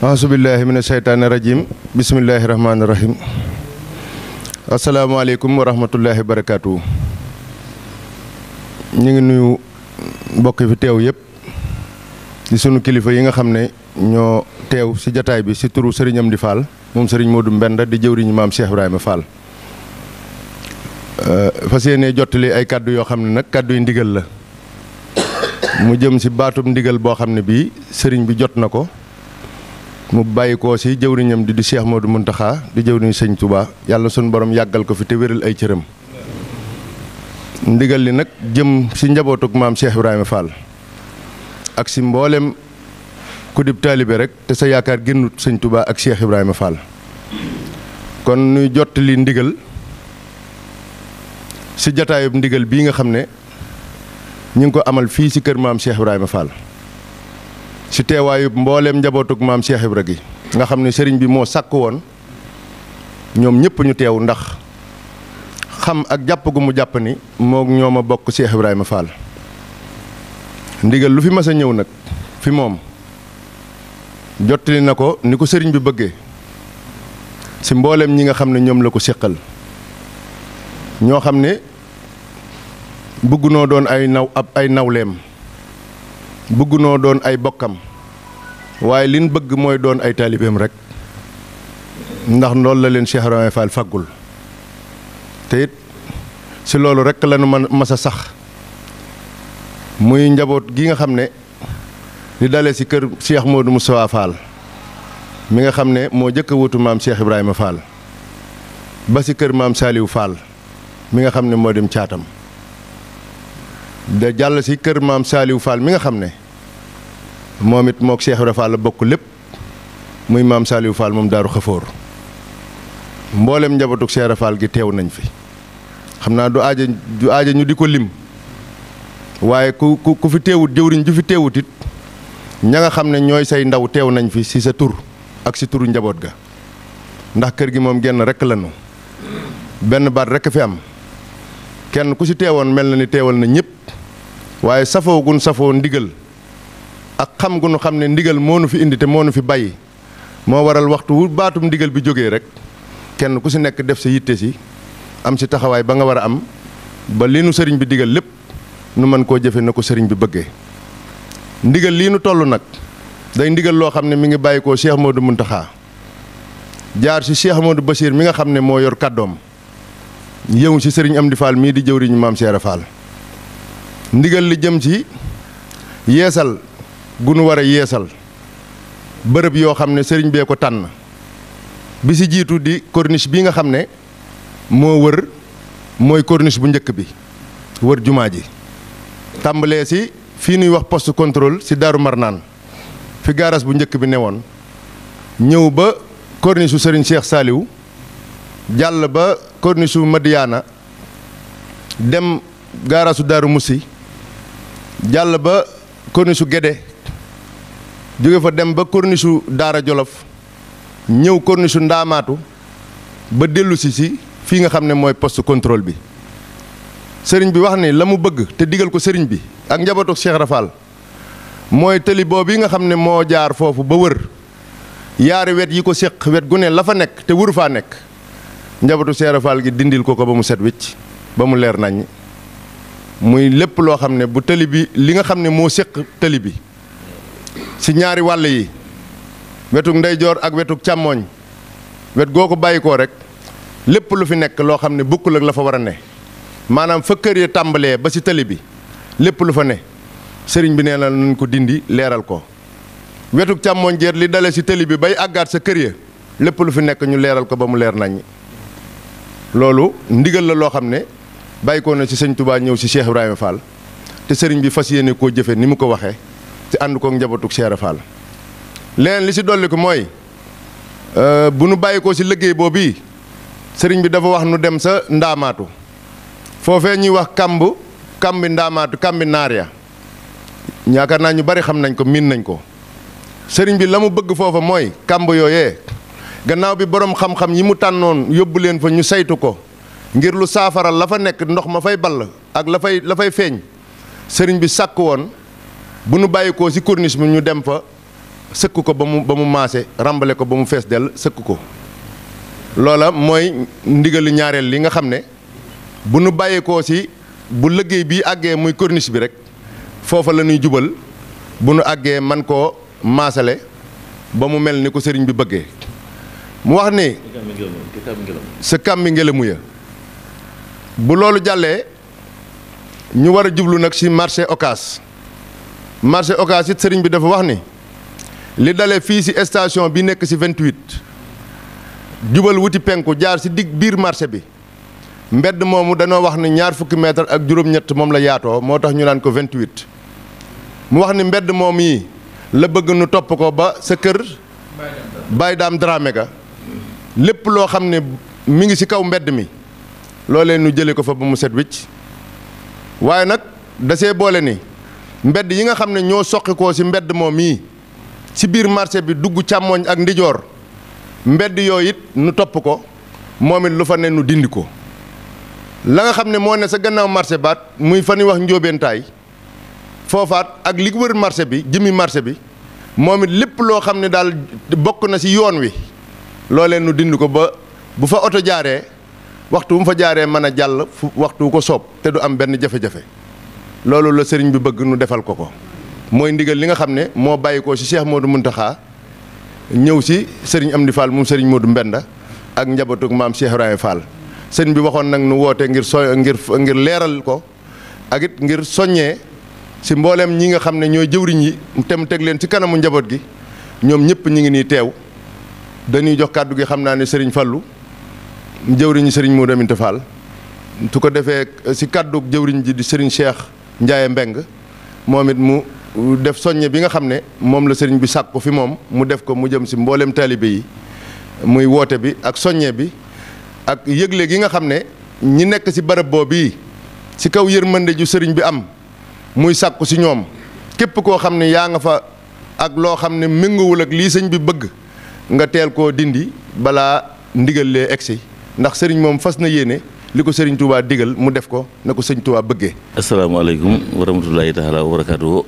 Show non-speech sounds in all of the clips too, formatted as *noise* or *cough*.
ahasubillahi mina sheytaani rajim bisimillahi rahmaani rahim asalaamaaleykum wa rahmatullahi barakaatu ñu ngi nuyu mbokk fi teew yëpp di sunu kilifa yi nga xam ne ñoo teew ci jataay bi ci turu Sëriñ Amdi Fall moom Sëriñ Modou Mbenda di jëwriñu maam Cheikh Ibrahima Fall euh, fas yéene jottali ay kàddu yoo xam ne nag kàddu ndigal la mu jëm ci baatub ndigal boo xam ne bii sëriñ bi jot na ko mu bàyyi ko si jëwriñam di di Cheikh Modou Mountakha di jëwriñu sëñ Touba yàlla sunu borom yàggal ko fi te wéral ay cëram ndigal li nag jëm ci njabootug maam Cheikh Ibrahima Fall ak si mboolem ku dib taalibe rek te sa yaakaar génnut sëñ tubaa ak Cheikh Ibrahima Fall kon nuy jottali ndigal si jataayub ndigal bii nga xam ne ñu ngi ko amal fii ci kër maam Cheikh Ibrahima Fall. si teewaayu mbooleem njabootug maam Cheikh Ibra gi nga xam ne sëriñ bi moo sàkk woon ñoom ñëpp ñu teew ndax xam ak jàpp gu mu jàpp ni moo ñoom a bokk Cheikh Ibrahima Fall ndigal lu fi mas a ñëw nag fi moom jottali na ko ni ko sëriñ bi bëggee si mbooleem ñi nga xam ne ñoom la ko séqal ñoo xam ne bëggunoo doon ay naw ab ay nawleem bëgg doon ay bokkam waaye liñ bëgg mooy doon ay taalibeem rek ndax loolu la leen Cheikh Ibrahima Fall faggul te si loolu rek la nu mën mas sax muy njaboot gi nga xam ne li dalee si kër Cheikh Modou Moustapha Fall mi nga xam ne moo jëkk a wutu maam Cheikh Ibrahima Fall ba si kër maam Saliou Fall mi nga xam ne moo dem caatam da jàll si kër maam Saliou Fall mi nga xam ne moom it mook Cheikh Ibra Fall bokk lépp muy maam Saliou Fall moom daaru xafoor mboolem njabootug Cheikh Ibra gi teew nañ fi xam naa du aja du aaja ñu di ko lim waaye ku ku ku fi teewut jëwriñ ju fi teewut it ña nga xam ne ñooy say ndaw teew nañ fi si sa tur ak si tur njaboot ga ndax kër gi moom genn rekk lanu benn baat rekk fi am kenn ku si teewoon mel na ni teewal na ñëpp waaye safoo gun safoo ndigal ak xam gu nu xam ne ndigal moo nu fi indi te moo nu fi bàyyi moo waral waxtu wu baatum ndigal bi jógee rek kenn ku si nekk def sa yitte si am si taxawaay ba nga war a am ba li nu sëriñ bi digal lépp nu mën koo jëfe na ko sëriñ bi bëggee ndigal lii nu toll nag day ndigal loo xam ne mi ngi bàyyi koo Cheikh Modou Mountakha jaar si Cheikh Modou Bachir mi nga xam ne moo yor kàddoom yëw si sëriñ Amdi Fall mii di jëwriñu maam Seera Fall ndigal li jëm ci yeesal gu nu war a yeesal bërëb yoo xam ne sëriñ bee ko tànn bi ci jiitu di corniche bii nga xam ne moo wër mooy corniche bu njëkk bi wër jumaa ji tàmbalee si fii nuy wax poste contrôle ci Daaru Marnaan fi gaaras bu njëkk bi woon ñëw ba corniche su sëriñ Cheikh Saliou jàll ba corniche su Madiana dem gaarasu Daaru mussi jàll ba corniche su Guédé jóge fa dem ba corniche u Daara Jolof ñëw corniche Ndaamaatu ba dellu si si fii nga xam ne mooy poste contrôle bi sëriñ bi wax ni la mu bëgg te digal ko sëriñ bi ak njabootu Cheikh Rafal mooy tëli boobu yi nga xam ne moo jaar foofu ba wër yaari wet yi ko séq wet gu ne la fa nekk te wër faa nekk njabootu Cheikh Rafal gi dindil ko ko ba mu set wicc ba mu leer naññ muy lépp loo xam ne bu tëli bi li nga xam ne moo séq tëli bi si ñaari wàll yi wetuk ndeyjoor ak wetuk càmmooñ wet goo ko bàyyi koo rek lépp lu fi nekk loo xam ne bukkul ak la fa war a ne maanaam fa kër ya tàmbalee ba si tali bi lépp lu fa ne sëriñ bi nee na nañ ko dindi leeral ko wetuk càmmooñ jeet li dale si tali bi bay àggaat sa kër ya lépp lu fi nekk ñu leeral ko ba mu leer nañ loolu ndigal la loo xam ne bàyyi ko na si sëñ Touba ñëw si Cheikh Ibrahima Fall te sëriñ bi fas yéene koo jëfe ni mu ko waxee te ànd kook njabootug Cheikh Fall leneen li si dolli ko mooy euh, bu nu bàyyi ko si liggéey boobu sëriñ bi dafa wax nu dem sa ndaamaatu foofee ñuy wax kàmb kambi ndaamaatu kambi naar ya yaakaar naa ñu bari xam nañ ko miin nañ ko sëriñ bi la mu bëgg foofa mooy kamb yooye gannaaw bi borom xam-xam yi mu tànnoon yóbbu leen fa ñu saytu ko ngir lu saafara la fa nekk ndox ma fay ball ak la fay la fay feeñ sëriñ bi sàkk woon bu nu bàyyikoo ci corniche bi ñu dem fa sëkk ko ba mu ba mu maase rambale ko ba mu fees dell sëkk ko loola mooy ndigalu ñaareel li nga xam ne bu nu bàyyikoo ci bu liggéey bi àggee muy corniche bi rek foofa la ñuy jubal bu nu àggee man koo maasale ba mu mel ni ko sëriñ bi bëggee mu wax ni sa kàmmi ngelamu ya bu loolu jàllee ñu war a jublu nag ci marché Ocass marché Ocass it sëriñ bi dafa wax ni li dale fii si station bi nekk ci 28 jubal wuti penku jaar si digg biir marché bi mbedd moomu danoo wax ni ñaar fukki mètre ak juróom-ñett moom la yaatoo moo tax ñu naan ko 28 mu wax ni mbedd moom yi la bëgg nu topp ko ba sa kër Baye daam Dramé ga lépp loo xam ne mi ngi si kaw mbedd mi loolee nu jëlee ko fa ba mu set wicc waaye nag dasee boole ni mbedd yi nga xam ne ñoo soqikoo si mbedd moom yi si biir marché bi dugg càmmooñ ak ndijoor mbedd yooyu it nu topp ko moom it lu fa ne nu dindi ko la nga xam ne moo ne sa gannaaw marché baat muy fa ñuy wax njóobentaay foofaat ak li wër marché bi jëmi marché bi moom it lépp loo xam ne daal bokk na si yoon wi loolee nu dindi ko ba bu fa oto jaaree waxtu bu mu fa jaaree mën a jàll fu waxtu ko soob te du am benn jafe-jafe loolu la sëriñ bi bëgg nu defal ko ko mooy ndigal li nga xam ne moo bàyyi ko ci Cheikh Modou Mountakha ñëw ci sëriñ Amdi Fall moom sëriñ Modou Mbenda ak njabootug maam Cheikh Ibrahima Fall sëriñ bi waxoon nag nu woote ngir so ngir ngir leeral ko ak ngir soññee ci mbooleem ñi nga xam ne ñooy jëwriñ yi te mu teg leen ci kanamu njaboot gi ñoom ñëpp ñi ngi nii teew dañuy jox kàddu gi xam naa ne sëriñ Fallu jëwriñu sëriñ Modou Aminta su ko defee si kàddu jëwriñ ji di sëriñ Cheikh. Ndiaye Mbeng moom it mu def soññe bi nga xam ne moom la sëriñ bi sàkk fi moom mu def ko mu jëm si mboolem taalibe yi muy woote bi ak soññe bi ak yëgle gi nga xam ne ñi nekk si barab boobu si kaw yërmande ju sëriñ bi am muy sàkku si ñoom képp koo xam ne yaa nga fa ak loo xam ne méngoowul ak lii sëñ bi bëgg nga teel koo dindi balaa ndigal lee egsi ndax sëriñ moom fas na yéene li ko sëriñ Touba digal mu def ko na ko sëriñ Touba bëggee. asalaamaaleykum wa rahmatulahi taala wa barakaatu.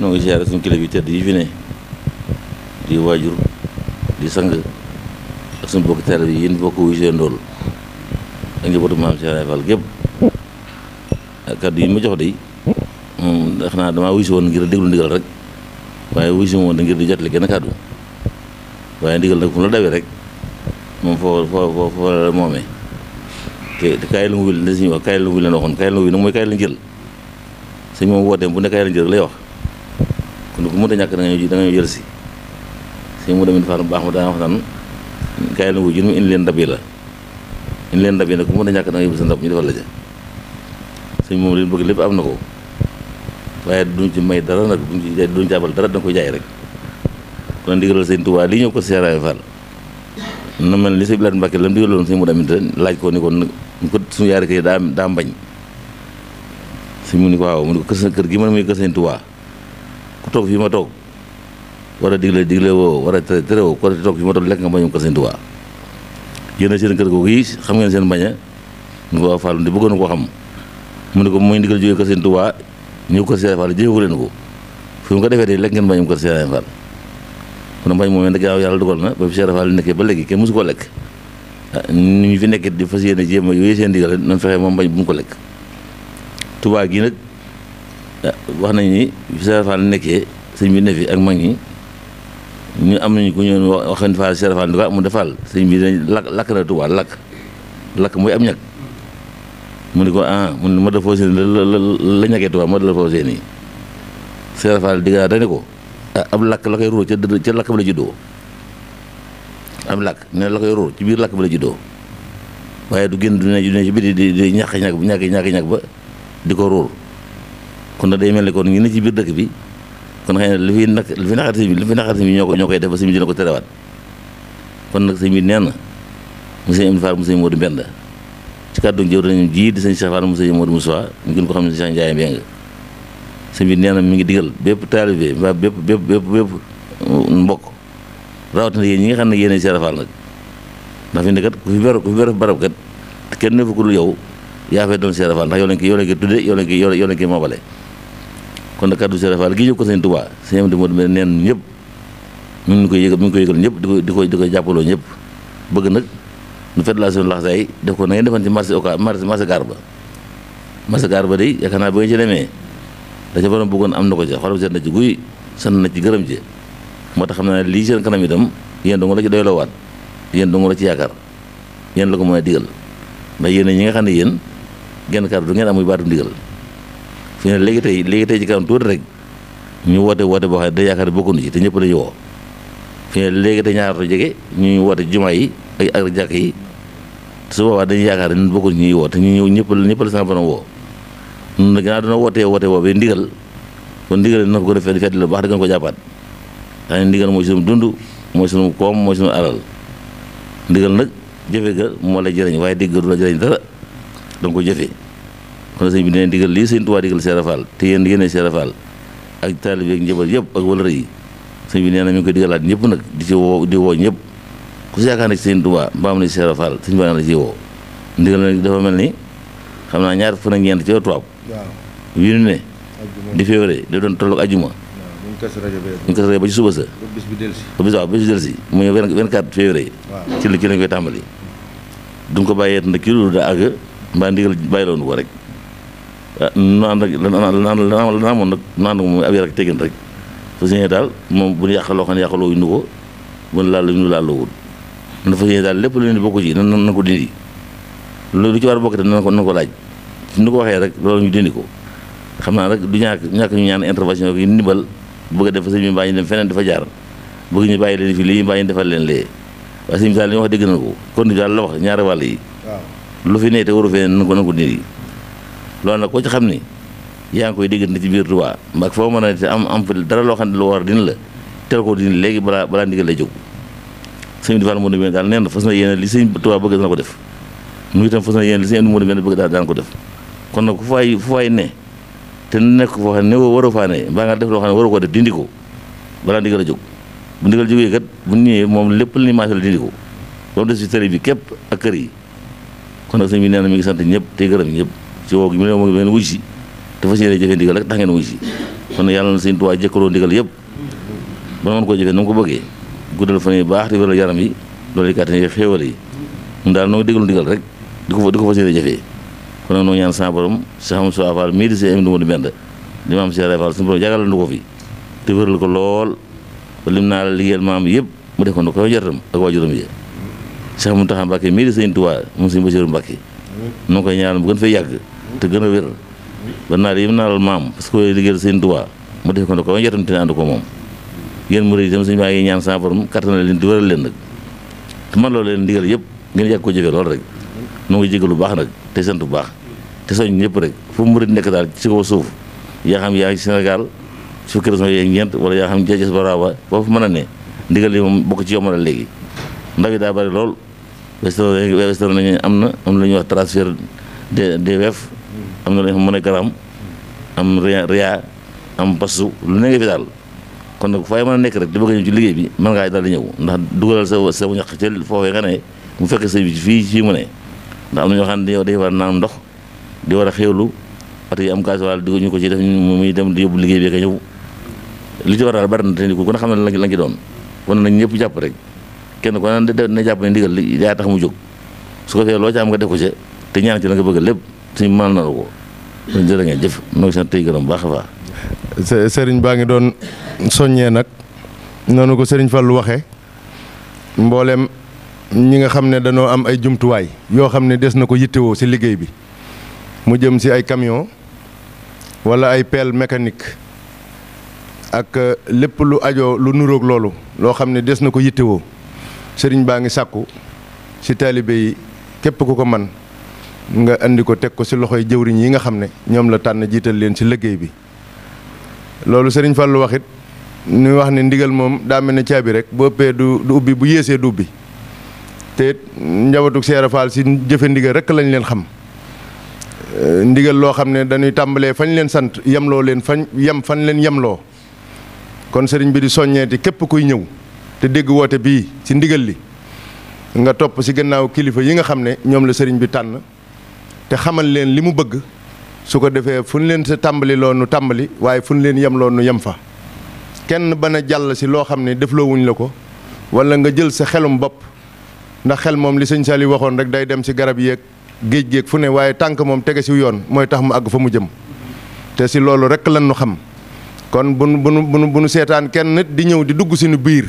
ñoo ngi ziare suñu kilifa yi tedd yi fi ne di waajur di sang ak suñu bokk taal bi yéen bokk wu seen ndool ak njabootu maam Cheikh Fall gépp kàddu yi ma jox de ndax naa damaa wuyu woon ngir déglu ndigal rek waaye wuyu si woon ngir di jotale genn kàddu waaye ndigal nag fu la dawee rek moom foo foo foo foo la moomee. kaay la nguy la suñu wax kaay la nguy leen waxoon kaay la nguy nag mooy kaay la njël sëñ moom woote ne kaay lay wax kon ku mënta ñàkk da nga si sëñ mu demin baax ma daana wax naan kaay la nguy la indi leen ndab yi nag ku ñàkk da nga sa ndab ñu defal la ja moom leen bëgg lépp am na ko waaye duñ ci may dara nag duñ ci duñ jàppal dara da nga koy jaay rek kon ndigalal sëñ Tuubaa li ñëw ko seeraay faal na mel li sëñ Bilaat Mbàkke la mu digaloon sëñ Moodu Aminta laaj ko ni ko ñu ko suñu yaari kër yi daa daa mbañ sëñ mu ni ko ko kër gi man muy kër sëñ ma toog war a digle digle woo war a tere tere woo ku toog fii ma toog lekk nga mbañum kër sëñ Tuubaa yéen seen kër googu xam ngeen seen mbaña ñu ko bëggoon koo xam mu ni ko mooy ndigal jógee kër sëñ Tuubaa ñëw kër Sëñ Fall jëfe leen ko fi mu ko defee de lekk ngeen mbañum kër Sëñ Fall kon mbay moom it gaaw yàlla dugal na ba fi Cheikh Rafal nekkee ba léegi kenn su koo lekk ah, ni fi nekkee di fas yéene jéem a yooyu seen digal nañ fexe moom mbañ bu mu ko lekk. Touba gi nag ah, wax nañ ni fi Cheikh Rafal nekkee sëñ bi ne fi ak mag ñi ñu am nañu ku ñëw wax waxin Fall ah, mu defal sëñ bi dañ lakk lakk mooy am ñag. mu ne ko ah mu ma defoo la la la ñagee Touba ko. Eh, ab làkk la koy róor ca dënn ca làkk ba la juddoo am làkk ne la koy róor ci biir làkk ba la juddoo waaye du génn du ne du ne ci biir di di ñàkk ñàkk ñàkk ñàkk ñàkk ba di ko kon day mel ni kon ñu ne ci biir dëkk bi kon xëy na li nag li fi naqar bi li fi naqar sëñ bi ñoo ko ñoo koy def ba sëñ dina ko terewaat kon nag sëñ bi nee na monsieur Ibn Fall monsieur Modou Mbenda ci kàddu jëw dañu jii di sëñ Cheikh Fall monsieur Modou ko xam ne Cheikh Ndiaye Mbengue sëñ bi nee na mi ngi digal bépp taalibe mbaa bépp bépp bépp bépp mbokk rawatina ñi nga xam ne yéen a seerafaal nag ndax fi ne ku fi beru ku fi beru barab kenn ne fa lu yow yaa fay doon seerafaal ndax yow lañ koy yow lañ koy tudde yow lañ koy yow kon nag kàddu seerafaal gi yëg ko sëñ Tuubaa sëñ am di moo neen ñëpp mi ngi koy yëgal mu ngi koy yëgal ñëpp di ko di ko di ko jàppaloo ñëpp bëgg nag nu fédération laxasaay def ko na ngeen defan ci marché oka marché marché gaar naa ba ngeen dañu borom bëggoon am na ko ja xolam seen na ci guy sant gërëm moo tax xam naa ne lii seen kanam itam yéen donga la ci doyloo waat yéen donga la ci yaakaar yéen la ko mën a digal ndax yéen ñi nga xam ne yéen genn kàddu du ngeen amuy baatum digal fi ne léegi tey léegi tey ci kanam tuuti rek ñu woote woote boo xam ne day yaakaar bokkuñu ci te ñëpp dañu woo fi ne léegi tey ñaaratu jege ñuy woote jumaa yi ak ak jàkk yi su boobaa dañuy yaakaar ne bokkuñu ñuy woo te ñu ñëw ñëpp ñëpp la sama borom woo ginnaaw dana wootee woote boobee ndigal kon ndigal dina ko gën a fedd fedd la baax di gën mooy sunu dund mooy sunu koom mooy sunu alal ndigal nag jëfe ga moo la jëriñ waaye dégg du la jëriñ dara danga ko jëfe kon sëñ bi nee ndigal lii sëñ Tuubaa digal Seera Faal te yéen yéene Seera Faal ak taalibe ak njaboot yëpp ak wëlëre yi sëñ bi nee na mi ngi koy digalaat ñëpp nag di ci woo di woo ñëpp ku si yaakaar ne ci sëñ Tuubaa mbaam ne Seera Faal sëñ Tuubaa la ci woo ndigal nag dafa mel ni xam naa ñaar fën ak ñeent huit ne di février da doon tolloog ajuma ñu kas rajo ba ci suba sa ba bis waaw ba bis delsi muy vingt-quatre février ci la ci lañ koy tàmbali duñ ko bàyyee nag kii loolu daa mbaa ndigal bàyyi loonu ko rek ah, nu ànd ak lana amoon nag nu ànd ak moom ab yar ak teggin rek daal moom bu ñu loo ne yàqaloo ko bu ñu laal lu ñu laal loowul dafa sine lépp lu ñu bokk ci nan nan ko dindi loolu lu ci war a bokk ko nan ko laaj nu ko waxee rek loolu ñu dindi ko xam naa rek du ñàkk ñàkk ñu ñaan intervention yi ndimbal bëgg a def sëñ bi mbaa ñu dem feneen dafa jaar bëgg ñu bàyyi leen fi lii mbaa defal leen lee waaye sëñ bi daal na ko kon daal la wax wàll yi lu fi ne te waru fee nan ko nan ko nit koo ci xam ni yaa ngi koy déggante ci biir Tuubaa ak foo mën a am am dara loo xam ne lu war dina la teel ko dina léegi balaa balaa ndigal lay jóg sëñ bi di Fall Modou Mbène daal nee na fas li sëñ Tuubaa bëgg dana ko def mu itam fas na yéene li sëñ Modou Mbène bëgg daal daan ko def kon nag ku fay fu fay ne te nekk foo xam ne war a faa ne mbaa nga def loo xam ne waru ko def dindi ko balaa ndigal a jóg bu ndigal jógee lépp lu ñuy maasal dindi ko ba bi képp ak kër yi kon nag sëñ bi mi ngi sant ñëpp tey gërëm ñëpp ci woo gi mu ne moom ngeen wuy si te fas ngeen wuy si kon yàlla na sëñ Tuubaa jëkkaloo ndigal yëpp ba koo jëfee na ko bëggee guddal fan yi baax te wéral yaram yi loolu yi kàttan yi xéewal yi mu daal noo ngi déglu ndigal rek di ko di ko fas yéene jëfee kon nag noo ñaan sa borom Cheikh Amadou Sow Fall mii di see am du ma di benn di maam Cheikh Ibra Fall suñu borom jagalandu ko fi te wéral ko lool ba lim naa la liggéeyal maam yëpp mu def ko nu ko jotam ak waajuram yi Cheikh Mountakha Mbacké a wér ba naa yëpp naa la maam parce que liggéeyal Sëñ mu def ko nu ko jotam te ne ànd ko moom yéen murid itam suñu baa ngi ñaan sa borom leen di wéral leen nag te man loolu leen ndigal yëpp ngeen yàgg ko jëfee loolu rek noo ngi jégalu baax nag te sant bu te soñ ñëpp rek fu murid nekk daal ci kaw suuf yaa yaa Sénégal su fekkee régions yi ñeent wala yaa xam jeejes baraaba foofu mën a ne ndigal yi moom bokk ci yombal léegi ndaw yi daa bari lool western am na am na lu ñuy wax transfert de DWF am na lu ñuy wax MoneyGram am Ria am Pasu lu ne nga fi daal kon nag fay mën a nekk rek di bëgg a ñëw ci liggéey bi mën ngaa daal ñëw ndax dugalal sa sa ñax ca foofee nga ne mu fekk sa bi fii fii mu ne ndax am na ñoo xam ne day war naan ndox di war a xéewlu oto yi am gasoil di ñu ko ci def muy dem di yóbbu liggéey bi ka ñëw li ci war daal bari na te ni ku ko xam ne la ci doon kon nañ ñëpp jàpp rek kenn ku ne na jàpp ne ndigal li yaa tax mu jóg su ko loo ci nga def ko ci te ñaan ci la nga bëgg lépp suñu mën na la ko suñ jërë ngeen jëf noo ngi sant tey gërëm baax a baax sëriñ baa ngi doon soññee nag noonu ko sëriñ Fallou waxee mbooleem ñi nga xam ne danoo am ay jumtuwaay yoo xam ne des na ko yittewoo si liggéey bi mu jëm si ay kamiyon walla ay pelle mécanique ak euh, lépp lu ajoo lu nuroog loolu loo xam ne des na ko yittewoo sëriñ baa ngi sàkku ci taalibe yi képp ku ko man nga indi ko teg ko ci loxoy jëwriñ yi nga xam ne ñoom la tànn jiital leen ci liggéey bi loolu sëriñ Fallou lu waxit ñu wax ne ndigal moom daa mel ne caabi rek bu ëppee du du ubbi bu yéesee du ubbi te njabootu Seera Fall ci jëfe ndigal rek lañ leen xam Euh, ndigal loo xam ne dañuy tàmbalee fañ leen sant yemloo leen fañ yem fan leen yemloo kon sëriñ bi di soññeeti képp kuy ñëw te dégg woote bii ci ndigal li nga topp ci gannaaw kilifa yi nga xam ne ñoom la sëriñ bi tànn te xamal leen li mu bëgg su ko defee fu ñu leen sa tàmbali loo nu tàmbali waaye fu ñu leen yemloo nu yem fa kenn bana jàll ci loo xam ne defloowuñ la ko walla nga jël sa xelum bopp ndax xel moom li sëñ Saliou waxoon rek day dem ci garab yeeg géej géeg fu ne waaye tànk moom tege si yoon mooy tax mu àgg fa mu jëm te si loolu rek lan nu xam kon bu nu bu nu seetaan kenn di ñëw di dugg suñu biir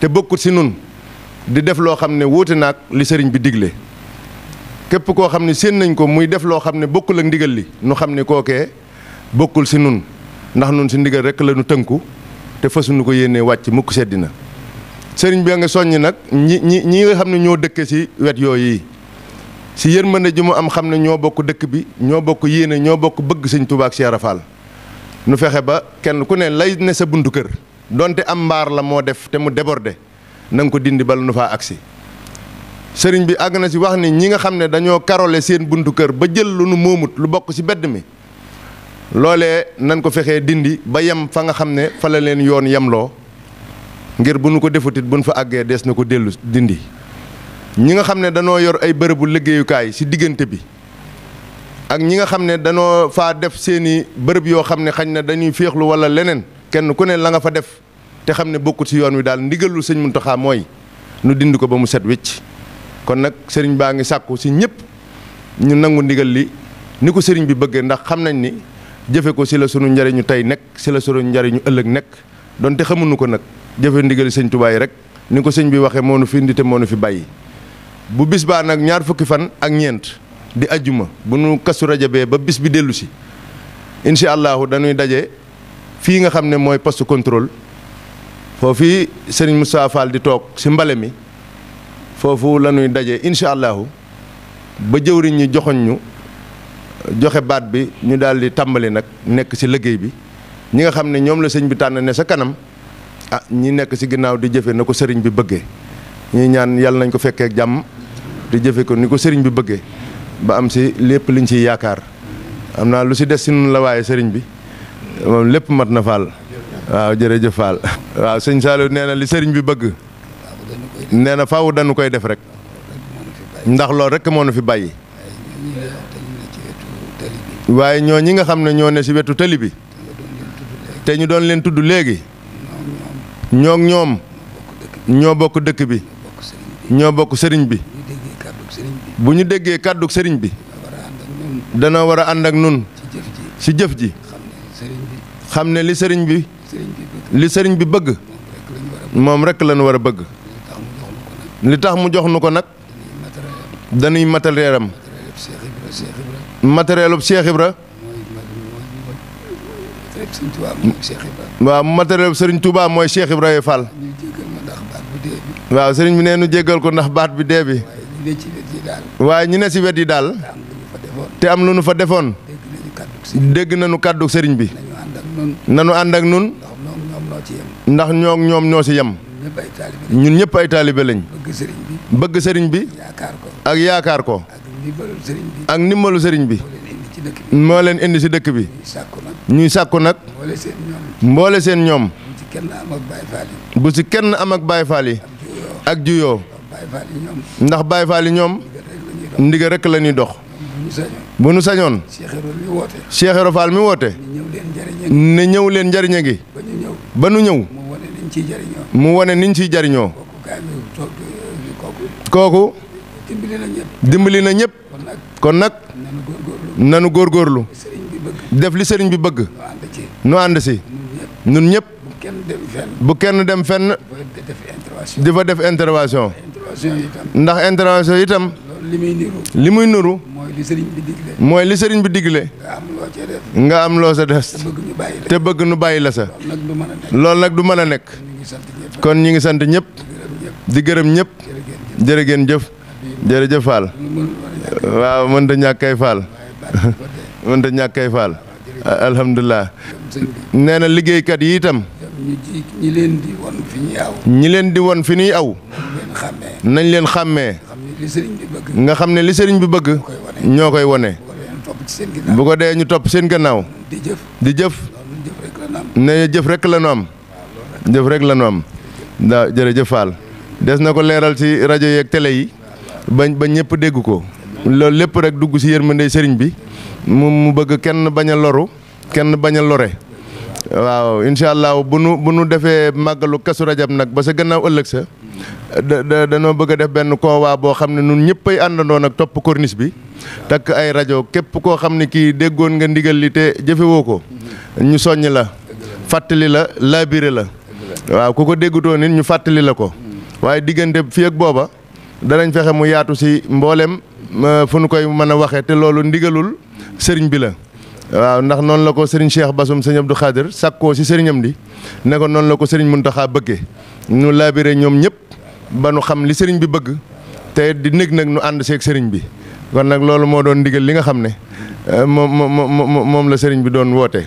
te bokkut si nun di def loo xam ne wuute naag li sëriñ bi digle képp koo xam ne séen nañ ko muy def loo xam ne bokkul ak ndigal li nu xam ne kookee bokkul si nun ndax nun si ndigal rek la nu tënku te fasuñu ko yéenee wàcc mukk seddi na sëriñ bi nga soññi nag ñi ñi ñi nga xam ne ñoo dëkke si wet yooyu si yërmande ji mu am xam ne ñoo bokk dëkk bi ñoo bokk yéene ñoo bokk bëgg sëñ Tuubaa ak Cheikh nu fexe ba kenn ku ne lay ne sa buntu kër donte am mbaar la moo def te mu déborde na ko dindi bala nu faa agsi sëriñ bi àgg na si wax ni ñi nga xam ne dañoo karole seen buntu kër ba jël lu nu moomut lu bokk si bedd mi loolee nan ko fexee dindi ba yem fa nga xam ne fa la leen yoon yemloo ngir bu nu ko defutit bu nu fa àggee des na ko dellu dindi ñi nga xam ne danoo yor ay bërëbu liggéeyukaay si diggante bi ak ñi nga xam ne danoo faa def seeni bërëb yoo xam ne xañ na dañuy féexlu walla leneen kenn ku ne la nga fa def te xam ne bokkut ci yoon wi daal ndigalul sëñ Muntaxa mooy nu dind ko ba mu set wecc kon nag sëriñ baa ngi sàkku si ñépp ñu nangu ndigal li ni ko sëriñ bi bëggee ndax xam nañ ni jëfe ko si la sunu njariñu tey nekk si la sunu njariñu ëllëg nekk donte xamuñu ko nag jëfe ndigal rek ni ko sëñ bi waxee moo nu fi indi te nu fi bàyyi bu bis baa nag ñaar fukki fan ak ñeent di ajjuma bu nu kasu rajabee ba bis bi dellu si incha allahu dañuy daje fii nga xam ne mooy poste contrôle foofu Serigne Moussa Fall di toog si mbale mi foofu la ñuy daje incha allahu ba jëwriñ ñi joxoñ ñu joxe baat bi ñu daal di tàmbali nag nekk si liggéey bi ñi nga xam ne ñoom la sëñ bi tànn ne sa kanam ah ñi nekk si ginnaaw di jëfe na ko sëriñ bi bëggee ñuy ñaan yàlla nañ ko fekkee jàmm te jëfe ko ni ko sëriñ bi bëggee ba am si lépp liñ ci yaakaar am naa lu si des si nun la waaye sëriñ bi moom lépp mat na Fall waaw jërëjëf Fall waaw sëñ Saliou nee na li sëriñ bi bëgg nee na faaw dañu koy def rek ndax loolu rek moo nu fi bàyyi waaye ñoo ñi nga xam ne ñoo ne si wetu tali bi te ñu doon leen tudd léegi ñoo ñoom ñoo bokk dëkk bi ñoo bokk sëriñ bi bu ñu déggee kàddu sëriñ bi dana war a ànd ak nun ci jëf ji xam ne li sëriñ bi li sëriñ bi bëgg moom rekk lañu war a bëgg li tax mu jox nu ko nag dañuy matériel am matériel bu Cheikh Ibra waaw matériel sëriñ Touba mooy Cheikh Ibrahima Fall waaw sëriñ bi nee nu jéggal ko ndax baat bi dee bi waaye ñu ne si wet yi daal. te am lu nu fa defoon. dégg nañu kàddu sëriñ bi. nanu ànd ak nun ndax ñoo ñoom ñoo si yem. ñun ñëpp ay taalibe bëgg sëriñ bi. ak yaakaar ko. ak ndimbalu sëriñ bi. moo leen indi si dëkk bi. ñuy sàkku nag. mboole seen ñoom. bu si kenn am ak baay faal yi. ak juyoo. ndax Baye Fall yi ñoom ndigal rekk la ñuy dox bu nu sañoon Cheikh Ibra mi woote ne ñëw leen njariña gi ba nu ñëw mu wone niñ ciy jariñoo kooku dimbali na ñëpp kon nag nanu góorgóorlu def li sëriñ bi bëgg nu ànd si nun ñëpp bu kenn dem fenn di fa def intervention ndax intervention itam. li li muy nuru. mooy li sëriñ bi digle. nga am loo sa des. te bëgg nu bàyyi la sa. loolu nag du mën a nekk. kon ñu ngi sant ñëpp. di gërëm ñëpp. jërë ngeen jëf. jërëjëf Fall. waaw mën ta ñàkkay Fall. mën ta ñàkkay Fall. alhamdulilah. nee na liggéeykat yi itam. ñu ñi leen di won fi ñuy aw. ñi leen di won fi ñuy aw. nañ leen xàmmee. nga xam ne li sëriñ bi bëgg. ñoo koy wone bu ko dee ñu topp seen gannaaw. di jëf di jëf. ne rek la ñu am. jëf rek la ñu am. waaw jërëjëf Fall des na ko leeral ci rajo yeeg télé yi bañ bañ ñëpp dégg ko loolu lépp rek dugg ci yërmande sëriñ bi mu mu bëgg kenn bañ a loru kenn bañ a lore. waaw incha allah bu nu bu nu defee màggalu kasu rajab nag ba sa gannaaw ëllëg sa da danoo bëgg a def benn koowaa boo xam ne nun ñëppay àndandoo nag topp corniche bi takk ay rajo képp koo xam ne kii déggoon nga ndigal li te jëfewoo ko ñu soññ la fàttali la laabire la waaw ku ko déggutoo nit ñu fàttali la ko waaye diggante fii ak booba danañ fexe mu yaatu si mbooleem fu nu koy mën a waxee te loolu ndigalul sëriñ bi la waaw ndax noonu la ko sëriñ Cheikh Bassoum sëñ Abdou Khadir sàkkoo si sëriñam di ne ko noonu la ko sëriñ taxaa bëggee ñu laabire ñoom ñëpp ba nu xam li sëriñ bi bëgg te di nég nag nu ànd seeg sëriñ bi kon nag loolu moo doon ndigal li nga xam ne eh, moom la sëriñ bi doon woote.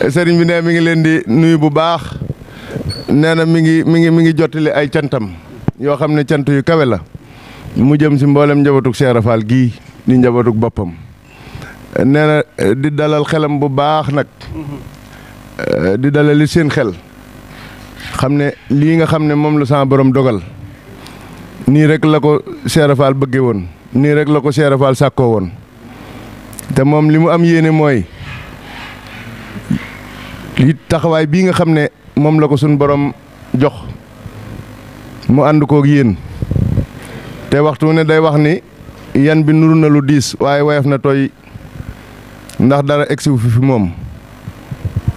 sëriñ bi nee mi ngi leen di nuyu bu baax nee na mi ngi mi ngi mi ngi jottali ay cantam yoo xam ne cant yu kawe la mu jëm si mboolem njabootug Cheikh gii di njabootug boppam. nee na eh, di dalal xelam bu baax nag eh, di dalali seen xel xam ne lii nga xam ne moom la sama boroom dogal nii rek la ko seerafaal bëgge woon nii rek la ko seerafaal sàkkoo woon te moom li mu am yéene mooy li taxawaay bii nga xam ne moom la ko suñ boroom jox mu ànd koog yéen te waxtu ne day wax ni yan bi nuru na lu diis waaye woyof na tooy ndax dara egsiwu fi fi moom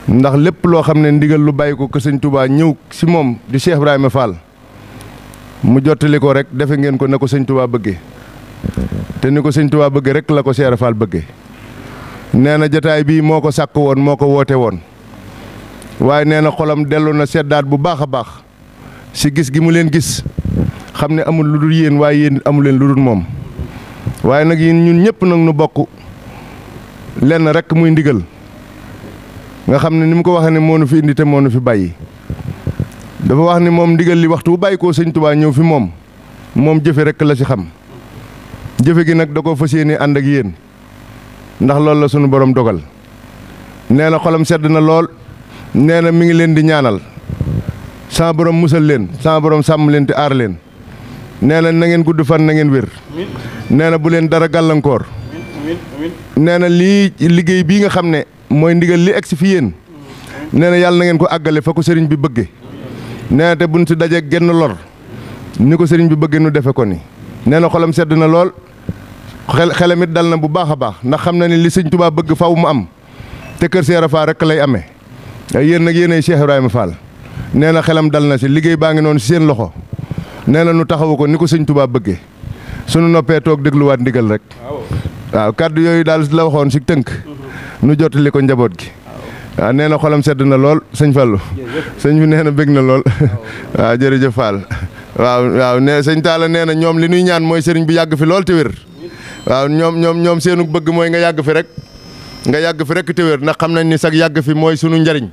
ndax lépp loo xam ne ndigal lu bàyyi ko ko sëñ Touba ñëw si moom di Cheikh Ibrahima Fall mu jottali ko rek defe ngeen ko na ko sëñ Touba bëggee te ni ko sëñ Touba bëggee rek la ko Cheikh Fall bëggee nee na jataay bii moo ko sàkk woon moo ko woote woon waaye nee na xolam dellu na seddaat bu baax a baax si gis gi mu leen gis xam ne amul lu dul yéen waaye yéen amu leen lu dul moom waaye nag yéen ñun ñëpp nag nu bokk. lenn rek muy ndigal nga xam ne ni mu ko waxee ne moo nu fi indi te moo nu fi bàyyi dafa wax ni moom ndigal li waxtu bu bàyyi koo sëñ Tuubaa ñëw fi moom moom jëfe rek la ci xam jëfe gi nag da ko fas yéene ànd ak yéen ndax loolu la sunu borom dogal nee na xolam sedd na lool nee na mi ngi leen di ñaanal sama borom musal leen sama borom sàmm leen ti aar leen nee na na ngeen gudd fan na ngeen wér nee na bu leen dara gàllankoor. nee na lii liggéey bii nga xam ne mooy ndigal li egsi fi yéen nee na yàlla na ngeen ko àggale fa ko sëriñ bi bëgge nee na te buñ si dajee genn lor ni ko sëriñ bi bëgge nu defe ko ni nee na xolam sedd na lool xel xelam dal na bu baax a baax ndax xam na ni li sëñ tubaa bëgg faw mu am te kër Cheikh Ibra Fall rek lay amee yéen nag yéenay Cheikh ma Fall nee na xelam dal na si liggéey baa ngi noonu si seen loxo nee na nu taxawu ko ni ko sëñ Tuubaa bëgge sunu noppee toog dégluwaat ndigal rek waaw kàddu yooyu daal la waxoon si tënk. Mm-hmm. nu jottali ko njaboot gi. waaw nee na xolam sedd na lool sëñ Fallou sëñ bi nee na bëgg na lool *laughs* waaw jërëjëf Fall waaw waaw ne sëñ Talla nee na ñoom li nuy ñaan mooy sëriñ bu yàgg fi lool te wér waaw ñoom ñoom ñoom seenu bëgg mooy nga yàgg fi rek nga yàgg fi rek te wér ndax xam nañ ni sag yàgg fi mooy sunu njariñ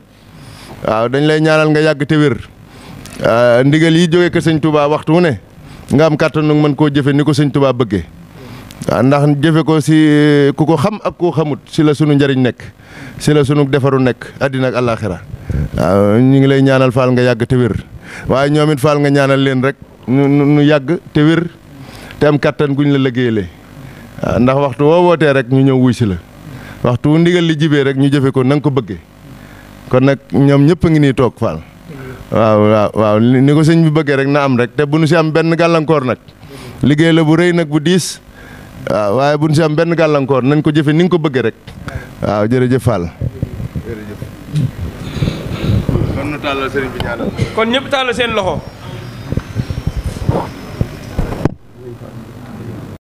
waaw dañ lay ñaanal nga yàgg te wér ndigal yi jógee ko sëñ tubaa waxtu wu ne nga am kàttanu mën koo jëfe ni ko bëggee Ah, ndax jëfe ko si eh, ku ko xam ak ku xamut si la sunu njariñ nekk si la sunu defaru nekk àddina ak àllaaxira ah, ñu ngi lay ñaanal faal nga yàgg te wér waaye ñoom it faal nga ñaanal leen rek nu nu yàgg te wér te am kattan guñ la liggéeyalee ah, ndax waxtu woo wootee rek ñu ñëw wuy si la waxtu ndigal li jibee rek ñu jëfe ko na ko bëggee kon nag ñoom ñëpp ngi nii toog faal waaw waaw ni ko sëñ bi bëggee rek na am rek te bu nu si am benn gàllankoor nag liggéey la bu rëy nag bu diis. waaw waaye bu ñu si am benn gàllankoor nañ ko jëfe ni ko bëggee rek waaw jërëjëf Fall. jërëjëf. kon ñu kon ñëpp tàllal seen loxo.